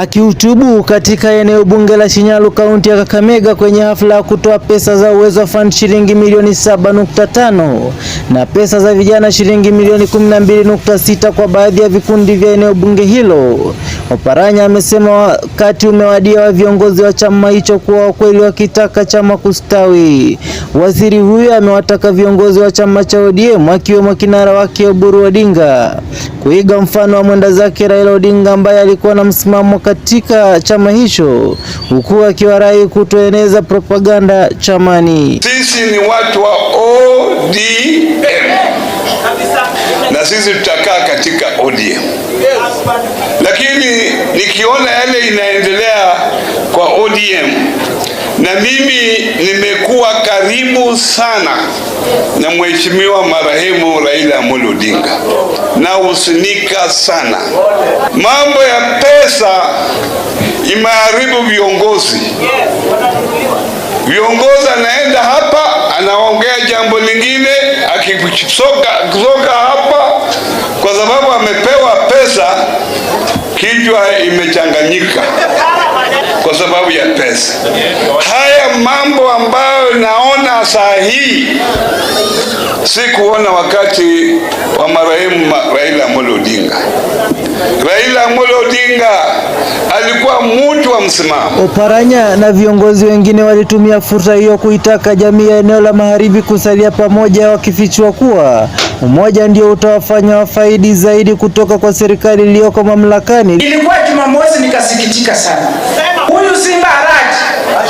Akihutubu katika eneo bunge la Shinyalu kaunti ya Kakamega kwenye hafla ya kutoa pesa za Uwezo wa Fund shilingi milioni 7.5 na pesa za vijana shilingi milioni 12.6 kwa baadhi ya vikundi vya eneo bunge hilo, Oparanya amesema wakati umewadia wa viongozi wa chama hicho kuwa wakweli wakitaka chama kustawi. Waziri huyo amewataka viongozi wa chama cha ODM akiwemo kinara wake Oburu Odinga kuiga mfano wa mwenda zake Raila Odinga ambaye alikuwa na msimamo katika chama hicho, huku akiwarai kutoeneza propaganda chamani. Sisi ni watu wa ODM na sisi tutakaa katika ODM. ODM na mimi nimekuwa karibu sana na mheshimiwa marehemu Raila Amolo Odinga na usinika sana. Mambo ya pesa imeharibu viongozi. Viongozi anaenda hapa anaongea jambo lingine, akikusoka hapa kwa sababu amepewa pesa, kichwa imechanganyika kwa sababu ya pesa. Haya mambo ambayo naona saa hii, kuona wakati wa marehemu Raila Amolo Odinga. Raila Amolo Odinga alikuwa mtu wa msimamo. Oparanya na viongozi wengine walitumia fursa hiyo kuitaka jamii ya eneo la magharibi kusalia pamoja, wakifichua kuwa umoja ndio utawafanya wafaidi zaidi kutoka kwa serikali iliyoko mamlakani. Ilikuwa Jumamosi, nikasikitika sana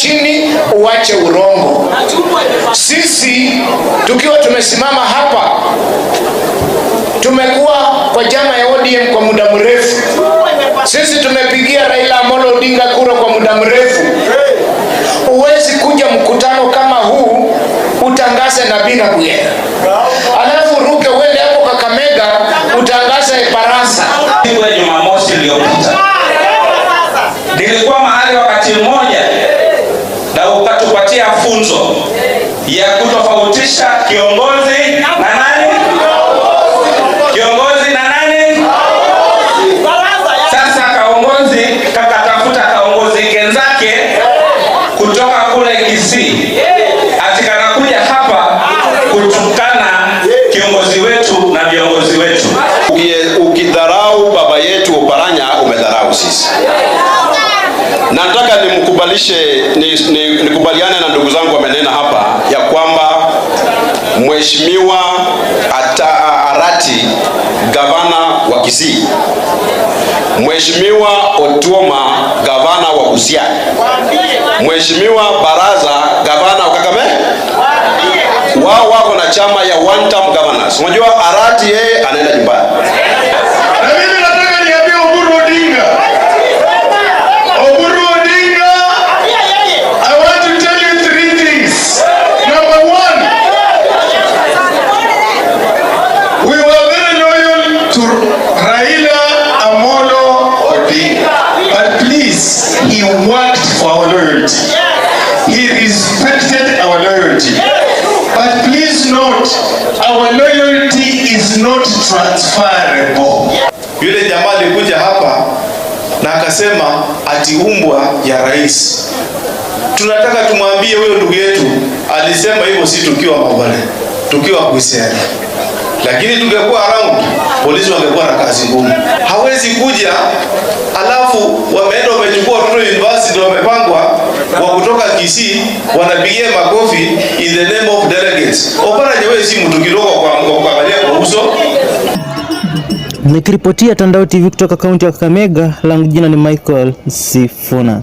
chini, uache urongo. Sisi tukiwa tumesimama hapa, tumekuwa kwa jama ya ODM kwa muda mrefu. Sisi tumepigia Raila Amolo Odinga kura kwa muda mrefu. Huwezi kuja mkutano kama huu utangaze bina Muyaya alafu ruke uende hapo Kakamega utangaze Barasa. Jumamosi iliyopita nilikuwa mahali wakati mmoja ya funzo ya kutofautisha kiongozi na nani, kiongozi na nani. Sasa kaongozi kakatafuta kaongozi kenzake kutoka kule Kisii. nikubalishe nikubaliane ni, ni na ndugu zangu wamenena hapa ya kwamba Mheshimiwa Arati gavana wa Kisii, Mheshimiwa Otuoma gavana wa Busia, Mheshimiwa Baraza gavana wa wao wako na chama ya one term governors. Unajua Arati yeye anaenda nyumbani loyalty. He respected our loyalty. But please note, our loyalty is not transferable. Yule jamaa alikuja hapa na akasema ati umbwa ya rais. Tunataka tumwambie huyo ndugu yetu alisema hivyo, si tukiwa Mabale, tukiwa Kuisiani, lakini tungekuwa around polisi wangekuwa na kazi ngumu. Hawezi kuja wanapigia makofi in the name of delegates. Oparanya wewe si mtu kidogo kwa kuangalia kwa uso. Nikiripotia Tandao TV kutoka kaunti ya Kakamega, langu jina ni Michael Sifuna.